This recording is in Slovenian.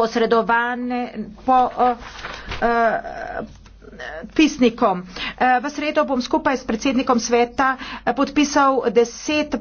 posredovane po uh, uh, pisnikom. Uh, v sredo bom skupaj s predsednikom sveta podpisal deset